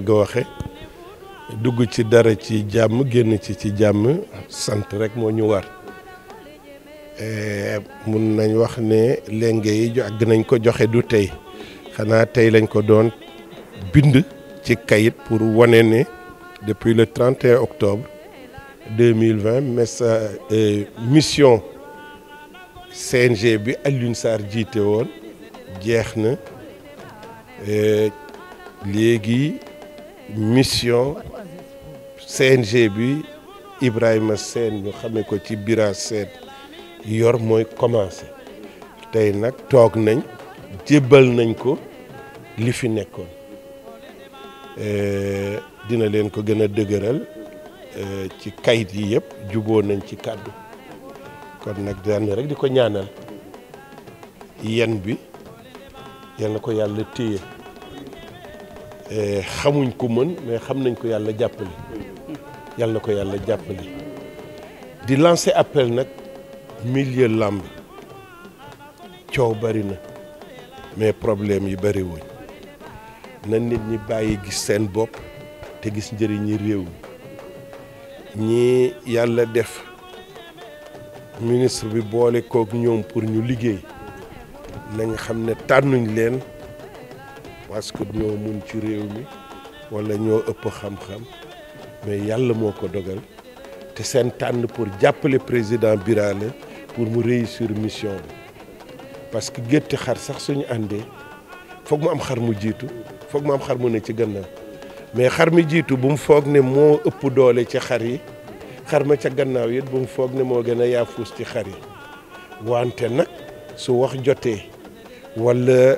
nga waxe dugg ci dara ci jàmm génn ci ci jàmm sant rek moo ñu war eh, mun nañ wax ne lenge yi àgg nañ ko joxe du tey xanaa tey lañ ko doon bind ci kayit pour wane ne depuis le 31 octobre 2020 messa euh, mission CNG bi Alioune Sarr jiite woon jeex na eh, léegi mission CNG bi Ibrahima seen ñu xame ko ci Bira Sène yor mooy commencé tey nag toog nañ jébbal nañ ko li fi nekkoon euh, dina leen ko gën a dëgëral euh, ci kayit yi yëpp juboo nañ ci kàddu kon nag daan rek di ko ñaanal yen bi yal ko yàlla téye Eh, xamuñ ko mën mais xam nañ ko yàlla jàppale yàlla ko yàlla jàppale di lancé appel nag milieu làmb coow bari na mais problème yi bari na nit ñi bàyyi gis seen bopp te gis njëriñi réew mi ñi yàlla def ministre bi boole kook ñoom pour ñu liggéey na xam ne tànnuñ leen parce que ñoo mun ci réew mi wala ñoo ëpp xam-xam mais yàlla moo ko dogal te seen tànn pour jàppale président Birane pour mu réussir mission bi parce que gétti xar sax suñu àndee foog mu am xar mu jiitu foog mu am xar mu ne ci gannaaw mais xar mi jiitu bu mu foog ne moo ëpp doole ci xar yi xar ma ca gannaaw it bu mu foog ne moo gën a yaafuus ci xar yi wante nag su wax jotee wala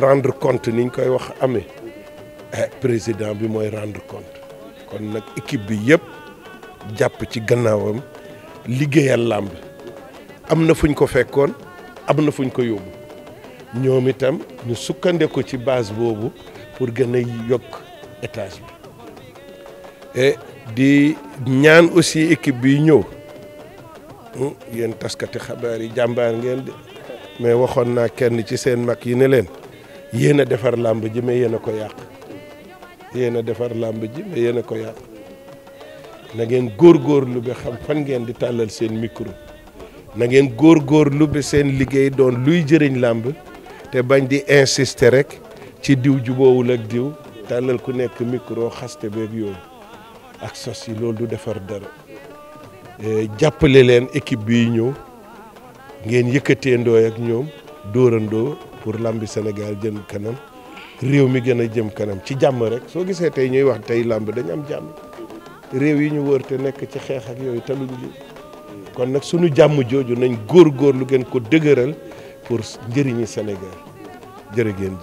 rendre compte ni koy wax amee eh, président bi mooy rendre compte kon nag équipe bi yëpp jàpp ci gannaawam liggéeyal làmb am na fuñ ko fekkoon am na fuñ ko yóbbu ñoom itam ñu sukkandiku ci base boobu pour gën a yokk étage bi et eh, di ñaan aussi équipe bi ñëw hmm, yéen taskati xabaar yi jàmbaar ngeen de mais waxoon naa kenn ci seen mag yi ne leen. yéen a defar làmb ji mais yéen a ko yàq yéen a defar làmb ji mais ko yàq na ngeen góorgóorlu bi xam fan ngeen di tàllal seen micro na ngeen góorgóorlu bi seen liggéey doon luy jëriñ làmb te bañ di insister rek ci diw juboowul ak diw tàllal ku nekk mikro xaste beeg yooyu ak sos yi loolu du defar dara e, jàppale leen équipe bi ñëw ngeen yëkkateendoo ak ñoom dóorandoo pour làmbi Sénégal jëm kanam réew mi gën a jëm kanam ci jàmm rek soo gisee tey ñuy wax tey làmb dañu am jàmm réew yi ñu wër nekk ci xeex ak yooyu taluñ li kon nag suñu jàmm jooju nañ góor-góor lu gën ko dëgëral pour njëriñi Sénégal jërë ngeen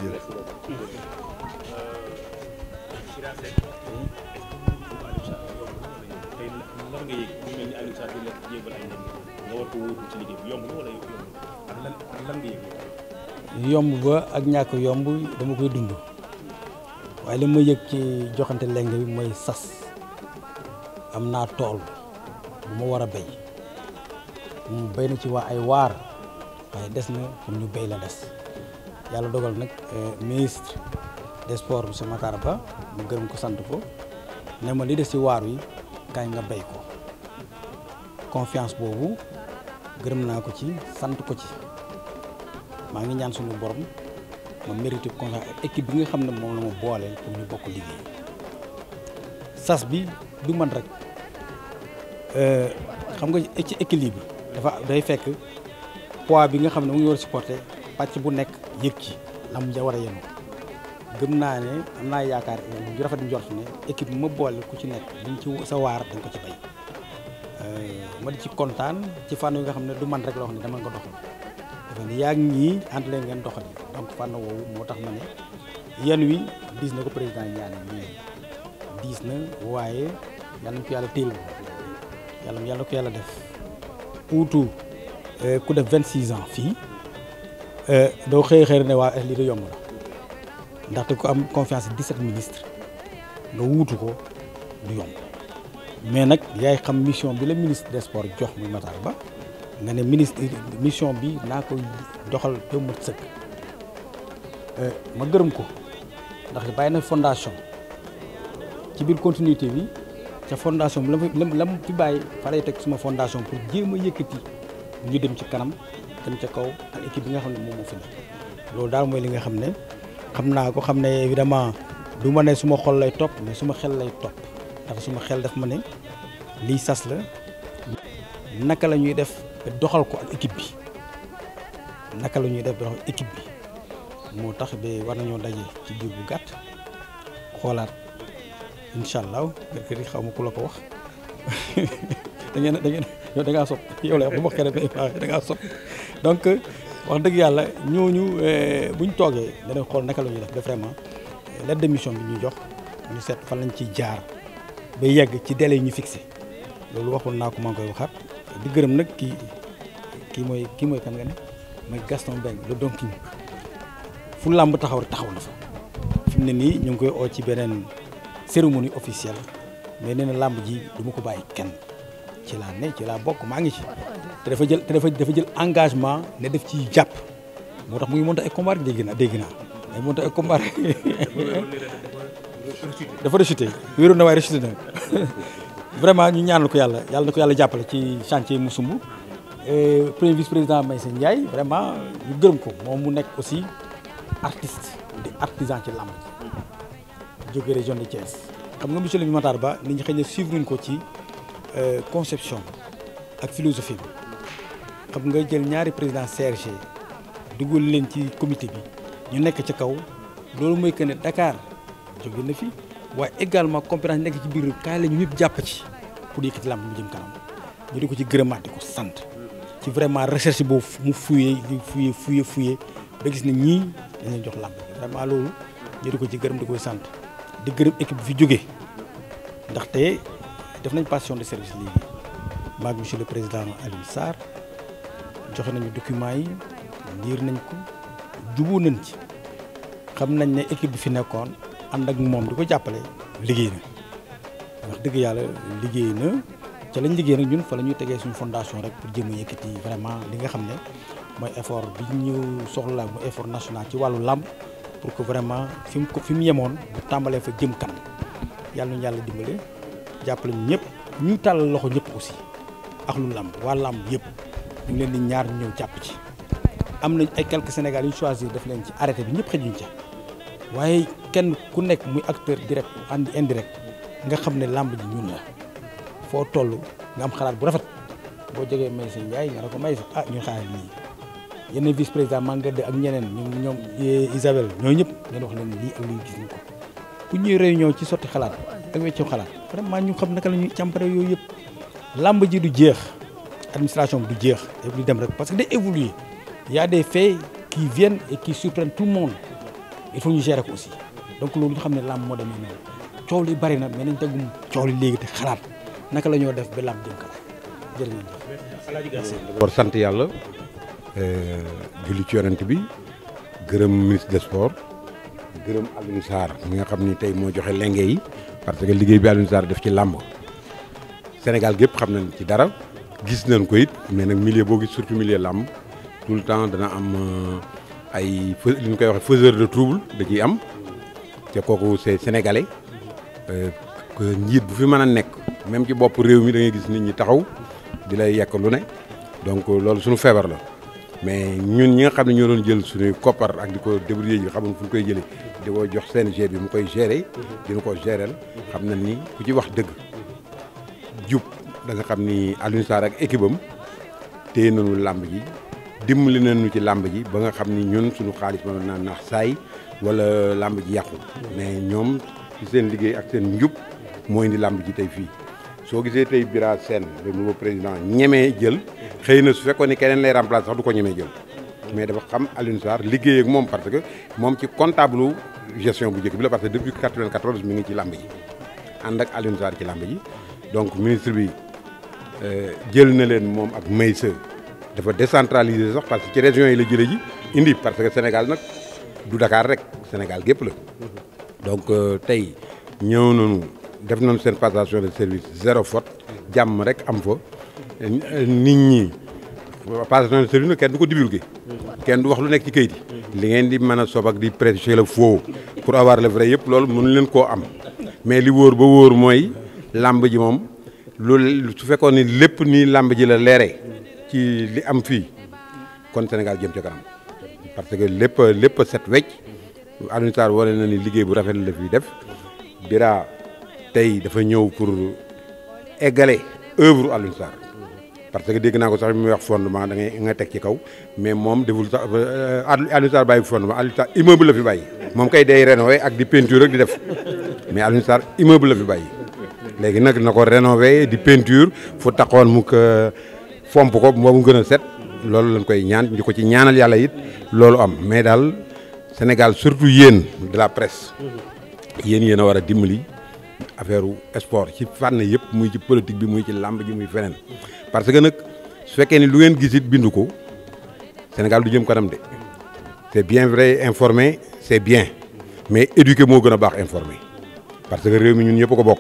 yomb ba ak ñàkk yomb dama koy dund waaye li ma yëg ci joxante leng bi mooy sas am naa tool bu ma war a bay mu béy na ci waa ay waar waaye des na pour ñu bay la des yàlla dogal nag eh, ministre des sports monsieur Matar Ba mu gërëm ko sant ko ne ma li des ci waar yi kañ nga bay ko confiance boobu gërëm naa ko ci sant ko ci maa ngi ñaan suñu borom ma mérité conseil ak équipe bi nga xam ne moom la mu booleel pour ñu bokk liggéey sas bi du man rek euh, xam nga ci équilibre dafa day fekk poids bi nga xam ne mu ngi war a supporté pàcc bu nekk yëg ci la mu ja war a yenu gëm naa ne am naa yaakaar ñu rafet njort ne bi ma boole ku ci nekk dañ ci sa waar dañ ko ci bay euh, ma di ci kontaan ci fànn yi nga xam ne du man rek loo xam ne dama nga doxal ne yaa ngi ànd leen ngeen doxal donc fànn woowu moo tax ma ne yan wi diis na ko président ñaane ñi diis na waaye yàlla na yàlla téel yàlla yàlla ko yàlla def ouutu euh, ku def vingt six ans fii euh, doo xëy xëy ne waa lii da yomb la ndaxte ku am confiance dix sept ministres nga wuutu ko du yomb mais nag yaay xam mission bi la ministre des sports jox muy Matar Ba nga ne ministre mission bi naa koy doxal ba mu sëkk euh, ma gërëm ko ndax bàyyi na fondation ci biir continuité bi ca fondation bi la mu fi bàyyi faray teg suma fondation pour jéem a yëkkati ñu dem ci kanam dem ca kaw ak équipe bi nga xam ne moom moo fi nekk loolu daal mooy li nga xam ne xam naa ko xam ne évidemment du ma ne suma xol lay topp mais suma xel lay topp ndax suma xel daf ma ne lii sas la naka la ñuy def doxal ko ak équipe bi naka la ñuy def ba équipe bi moo tax ba war nañoo daje ci diir bu gàtt xoolaat incha allah mercredi xaw ma ku la ko wax da ngeen da ngeen yow da ngaa sopp yow la bu ma xere donc wax dëgg yàlla ñooñu eh, bu ñu toogee danañ xool naka la ñuy def de vraiment eh, la de mission bi ñu jox ñu seet fan lañu ciy jaar ba yegg ci délai yi ñu fixé loolu waxoon naa ko maa koy waxaat. di gërëm nag kii kii mooy kii mooy nga ne mooy Gaston Mbengue le Don King fu làmb taxaw taxaw na fa fi mu ne nii ñu ngi koy oo ci beneen cérémonie officielle mais ne na làmb ji du ma ko bàyyi kenn ci laa ne ci laa bokk maa ngi ci te dafa jël te dafa jël engagement ne def ci jàpp moo tax mu ngi monté ay combat dégg naa dégg naa day monté ay combat dafa rechuté wéeru na waaye rechuté vraiment ñu ñaanal ko yàlla yàlla na ko yàlla jàppale ci chantier mu sumb premier vice président Maïssa Ndiaye vraiment ñu gërëm ko moom mu nekk aussi artiste di artisan ci lamb ji jóge région de Thiès xam nga mu le Matar Ba nit ñi xëy na suivre nañ ko ci euh, conception ak philosophie bi xam nga jël ñaari président CRG duggul leen ci comité bi ñu nekk ci kaw loolu mooy que ne Dakar jóge na fi waaye également compétence nekk ci biir kaay la ñu ñëpp jàpp ci pour yëkkati làmb mu jëm kanam ñu di ko ci gërëmaat di ko sant ci vraiment recherche boobu mu fuyee fuye fuyee fuyee ba gis ne ñii dañuy jox làmb vraiment loolu ñu ko ci gërëm di koy sant di gërëm équipe bi fi jógee ndaxte def nañ passation de service léegi maag monsieur le président Alioune Sarr joxe nañu documents yi liir nañ ko juboo nañ ci xam nañ ne équipe bi fi nekkoon ànd ak moom di ko jàppale liggéey na wax dëgg yàlla liggéey na ca lañ liggéey ñun fa la ñuy tegee suñu fondation rek pour jéem a yëkkati vraiment li nga xam ne mooy effort bi ñu soxla mu effort national ci wàllu làmb pour ko vraiment fi mu ko fi mu yemoon bu tàmbalee fa jëm kanam yàlla ñu yàlla dimbale jàppale ñu ñëpp ñu tàll loxo ñëpp aussi ak lu làmb waa làmb yëpp ñu leen di ñaar ñu ñëw jàpp ci am nañ ay Sénégal yu ñu choisir daf leen ci arrêté bi ñëpp xëjuñ ca waaye kenn ku nekk muy acteur direct and indirect nga xam ne làmb ji ñun la foo toll nga am xalaat bu rafet boo jegee Maysa Ndiaye nga ne ko Maysa ah ñu nii yenn vice président Mangade ak ñeneen ñoom ñoom eh, Isabel ñooñu ñëpp ngeen wax leen lii ak lii gis nañ ko bu ñuy réunion ci sotti xalaat ak wéccoo xalaat vraiment ñu xam naka la càmpare yooyu yëpp làmb ji du jeex administration bi jeex du dem rek parce que day évoluer y a des faits qui viennent et qui surprennent tout le monde il faut ñu gérer ko aussi donc loolu ñu xam ne làmb moo demee noonu coow li bari na mais nañ tegum coow li léegi te xalaat naka la def ba làmb jëm kanam sant yàlla euh, julli ci yonent bi gërëm ministre des sports gërëm Alioune Sarr mi nga xam ni tey moo joxe lenge yi parce que liggéey bi Alioune Sarr def ci làmb Sénégal gépp xam nañ ci dara gis nañ ko it mais nag millier boo gis surtout milieu làmb tout temps dana am euh, ay li ñu koy waxee faiseur de trouble da ciy am. te kooku c'est sénégalais euh, njiit bu fi mën a nekk même ci bopp réew mi da gis nit ñi taxaw di lay yekk lu ne donc euh, loolu suñu feebar la mais ñun ñi nga xam ne ñu doon jël suñuy koppar ak di ko débrouiller yi xamuñ fu ñu koy jële di ko jox CNG bi mu koy gérer dina ko gérer xam na ni ku ci wax dëgg jub danga xam ni Alioune Sarr ak équipe am téye nañu làmb ji dimbali nañu ci làmb ji ba nga xam ni ñun suñu xaalis mënoon naa nax saay wala làmb ji yàqu mais ñoom ci seen liggéey ak seen njub moo indi làmb ji tey fii soo gisee tey Bira Sène le nouveau président ñemee jël xëy na su fekkoon ni keneen lay remplacer sax du ko ñemee jël mais dafa xam Alioune Sarr liggéey ak moom parce que moom ci comptable gestion bu njëkk bi la parce que depuis 94 mi ngi ci làmb ji ànd ak Alioune ci làmb ji donc ministre bi euh, jël na leen moom ak Maysa dafa décentraliser sax parce que ci régions yi la jële indi parce que Sénégal nag du dakaar rek Sénégal gépp la donc euh, tey ñëw noonu def nañu seen passation de service zéro faute jàmm rek am fa nit ñi passation de service nag kenn du ko divulgué kenn du wax lu nekk ci kayit li ngeen di mën a sob ak di prêcher le faux pour avoir le vrai yëpp loolu mënu leen koo am mais li wóor ba wóor mooy làmb ji moom loolu su fekkoon ni lépp nii làmb ji la leere ci li am fii kon Sénégal jëm ca parce que lépp lépp a set wecc Alioune Sarr wane na ni liggéey bu rafet la fi def Bira tey dafa ñëw pour égaler œuvre Alioune parce que dégg naa ko sax bi muy wax fondement da ngay nga teg ci kaw mais moom deful sax euh, Alioune Sarr bàyyi fondement Alioune Sarr immeuble la fi bàyyi moom kay day rénové ak di peinture ak di def mais Alioune Sarr immeuble la fi bàyyi léegi nag na ko rénové di peinture fu taxoon mu ko euh, fomp ko moo gën a set loolu lañ koy ñaan di ko ci ñaanal yàlla it loolu am mais daal Sénégal surtout yéen de la presse yéen yéen a war a dimbali affaire sport ci fànn yëpp muy ci politique bi muy ci làmb ji muy feneen parce que nag su fekkee ni lu ngeen gis it bindu ko Sénégal du jëm kanam de c'est bien vrai informer c'est bien mais éduquer moo gën a baax informer parce que réew mi ñun ñëpp ko bokk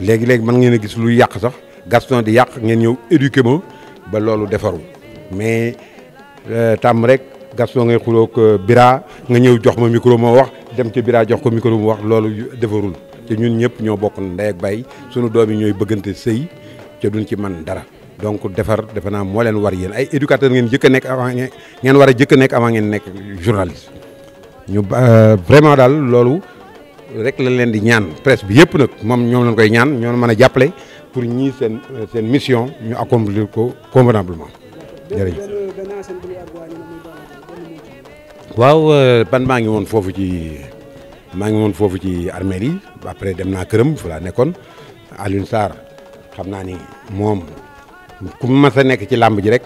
léegi-léegi mën ngeen a gis lu yàq sax Gaston di yàq ngeen ñëw éduquer ma ba loolu defaru mais euh, tàmm rek Gaston ngay xuloog euh, Bira nga ñëw jox ma micro moo wax dem ci Bira jox ko micro mu wax loolu defarul te ñun ñëpp ñoo bokk ndey ak bay sunu doom yi ñooy bëggante sëy ca duñ ci man dara donc defar defe naa moo leen war yéen ay éducateur ngeen jëkk a nekk avant ngeen war a jëkk nekk avant ngeen nekk journaliste ñu euh, vraiment daal loolu rek lañ leen di ñaan presse bi yëpp nag moom ñoom lañ koy ñaan ñoo mën a jàppale pour ñii seen seen mission ñu accomplir ko convenablement jërëjëf waaw pan euh, maa ngi woon foofu ci maa ngi woon foofu ci armée yi après dem naa këram fu laa nekkoon Alioune Sarr xam naa ni moom ku mas a nekk ci làmb ji rek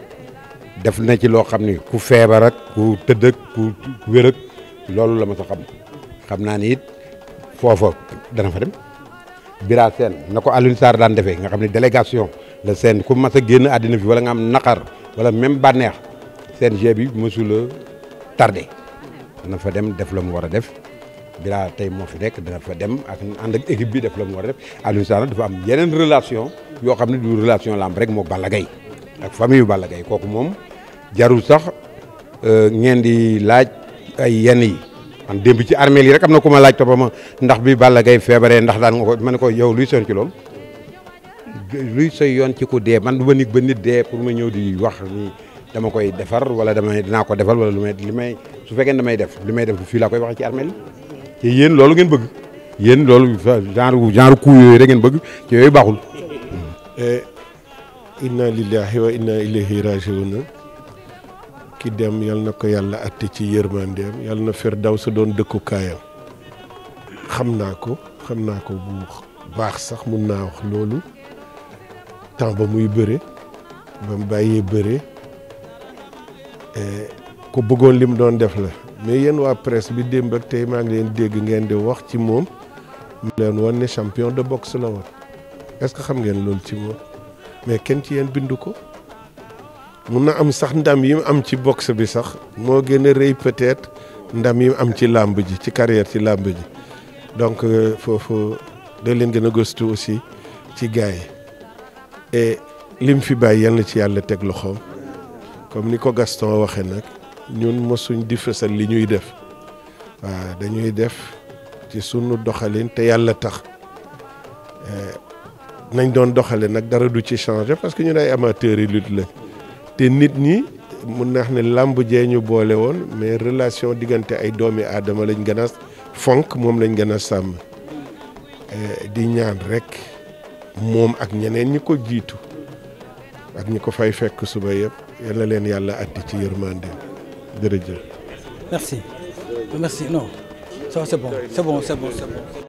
def na ci loo xam ni ku feebar ku tëdd ak ku wér loolu la ma xam xam naa ni it foofa dana fa dem Bira Sène na ko Alioune Sarr daan defee nga xam ne délégation la seen ku mas a génn àddina fi wala nga am naqar wala même bànneex CNG bi mësula tarde dana fa dem def la mu war a def Bira tey moo fi nekk dana fa dem ak ànd ak équipe bi def la mu war a def Alioune Sarr dafa am yeneen relation yoo xam ne du relation lamb rek moo Balla Gaye ak famille yu Balla Gaye kooku moom jarul sax euh, ngeen di laaj ay yenn yi man démb ci armée yi rek am na ku ma laaj toppama ndax bi Balla Gaye feebaree ndax daan nga ko ma ne ko yow luy seen ci luy say yoon ci ku dee man du ma nit ba nit dee pour ma ñëw di wax ni dama koy defar wala dama dinaa ko defal wala lu may li may su fekkee damay def lu may def fii laa koy waxee ci armée li te yéen loolu ngeen bëgg yéen loolu genre genre coup yooyu rek ngeen bëgg ci yooyu baaxul. Eh, inna lillahi wa inna ilayhi rajiun ki dem yal na ko yàlla atte ci yërmandeem yal na fir daw sa doon dëkkukaayam xam naa ko xam naa ko bu baax sax mun naa wax loolu. temps ba muy bëre ba mu bàyyee bëre eh, ku bëggoon li mu doon def la mais yéen waa presse bi démb ak tey maa ngi leen dégg ngeen di wax ci moom mu leen wan ne champion de boxe la woon est-ce que xam ngeen loolu ci moom mais kenn ci yéen bindu ko mun na am sax ndam yi am ci boxe bi sax moo gën a rëy peut-être ndam yi am ci làmb ji ci carrière ci làmb ji donc euh, foofu da leen gën a gëstu aussi ci gars yi et lim fi bàyyi yal ci yàlla teg loxo comme ni ko Gaston waxee nag ñun mosuñ di fësal li ñuy def waaw dañuy def ci sunu doxalin te yàlla tax e nañ doon doxale nag dara du ci changer parce que ñun ay amateurs yi la te nit ñi mun naa ne làmb jee ñu boole woon mais relation diggante ay doomi aadama lañ gën a fonk moom lañ gën a sàmm e di ñaan rek. moom ak ñeneen ñi ko jiitu ak ñi ko fay fekk suba yëpp yal na leen yàlla atti ci yërmande jërëjëf. merci merci non ça c'est bon c'est bon c'est bon c'est bon.